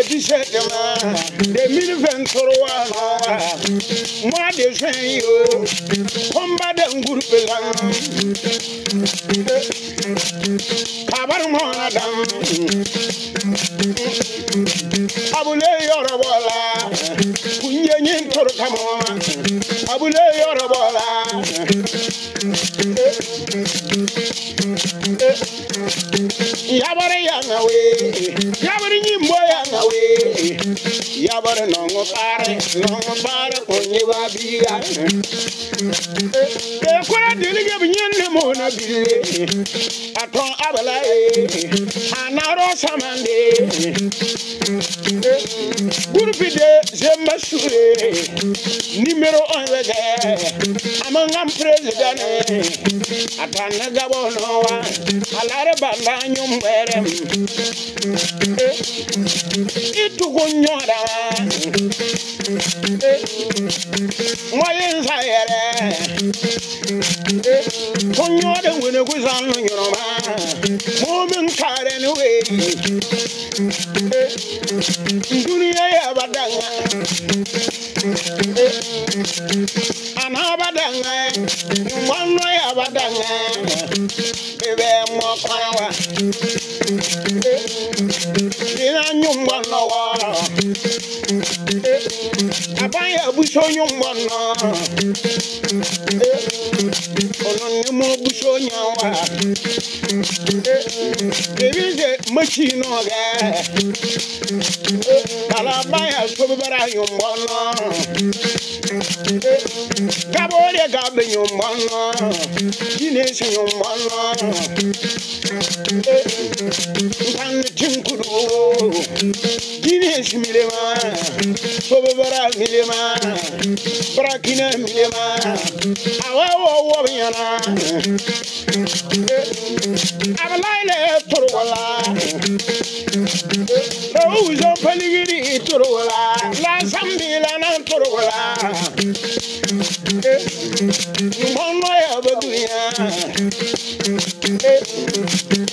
bɛdi sɛ dɛmaa dɛmiri de sɛn yi o pɔmba de nguru abule yɔrɔ bɔ la toro kamɔ abule yɔrɔ bɔ la. Yabare yangawe. tabare nongo pare nongo pare kunyi ba biya e kura deli ge binyen ne mo na bile aton abala e anaro samande gurpi de zemba sure numero 1 wege amangam president atan na gabono wa alare banda nyumberem itu kunyora my sayere Tonyo de wene kuzan yoroma Mumin karen Dunia ya badanga abusonyo mwana ononye mu obusonyo awa ebize alabaya kobara yombono gabore gabe yombono dinesi yombono kan tinkuru dinesi milema kobara milema brakina milema awawo wobiana abalaile turwala uso paligiri turugola la sambila na turugola mbono ya badunya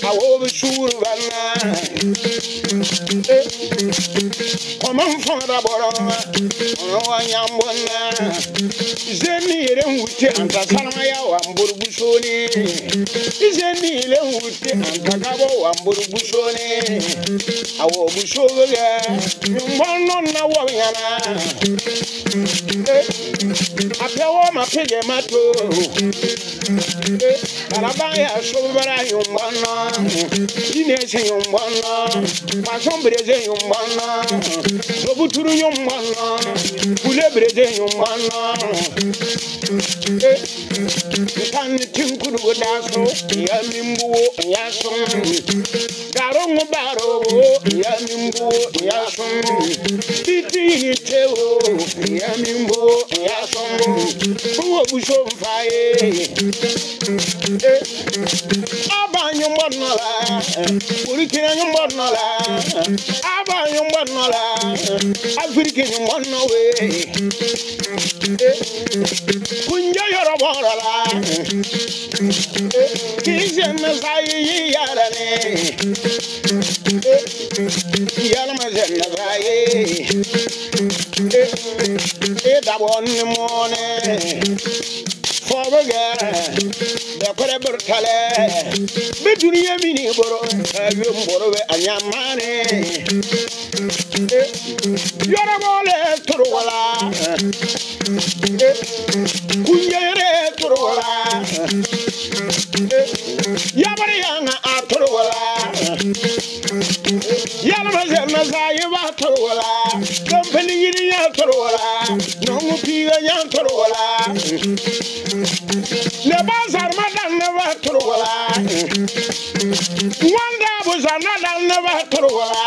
awo bishuru bana koman fara boroma ọnwa nya mbụ nna ize niile nwute antasarama ya wa mgburugbusoni ize niile nwute antakabo wa mgburugbusoni awa ogbusogoge mgbe ọnụ nna wọnyana eh, apịawo mapiga mato arabaya sobara yombana dinese yombana masombreze yombana sobuturu yombana bulebreze yombana eh, tan tinkuru daso ya mimbuo ya son garongo baro ya mimbuo ya son titi teo ya mimbuo ya son fuwo busho mfaye eh. eh. aba anyị mgbọ nnọla orikere anyị mgbọ nnọla aba anyị mgbọ nnọla afirika anyị nnọwe In the morning. For a girl, the crabber tale, eh, the junior mini boro, a young money. You're a ball to turwala ne ba zarma dan ne ba turwala wanda bu zanna dan ne ba turwala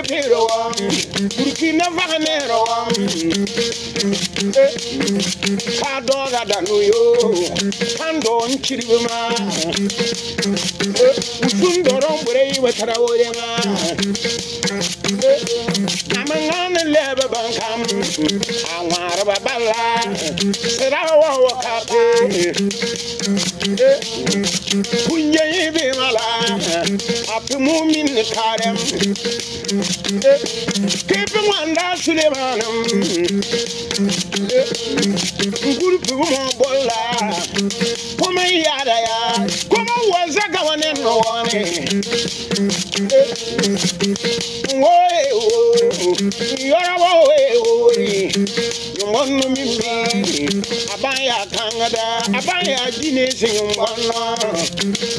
pero wa burkina faga nero wa eh, fa doga danu yo fan do nkiribe ma eh, usun dɔrɔn bɔrɛ yi wa tara wɔre ma. Eh, amangane lebe bankam anwara babala sirawo wakape kunye ibi mala api mumin karem kepi wanda sulemanam ngurupi gumo You're a boy. ngonu mimbi abaya kangada abaya jini singwana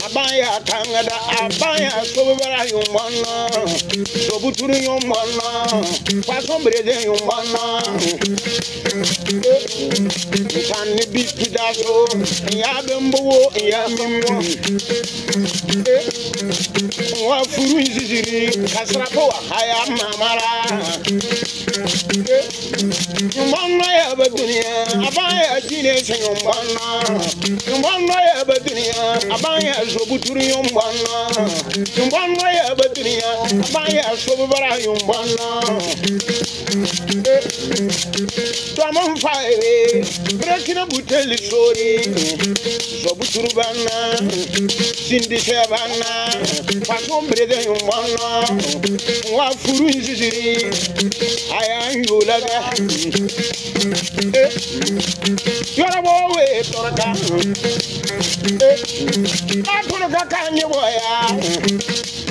abaya kangada abaya sobara yumwana sobuturu yumwana kwasombreze yumwana Tani bitu daso ya bembo ya mimo wa furu ziziri kasrapo wa haya mamara shi nyumbana nyumbana ya baduniya aban ya zo buturi nyumbana nyumbana ya Maya Sobara Yumbana. Tamam Fire, breaking a butel story. Sobuturubana, Cindy Savana, Pasom Breda Yumbana, Wafuru in Sicily. I am you, Lada. You're a boy, Toraka. I'm going to go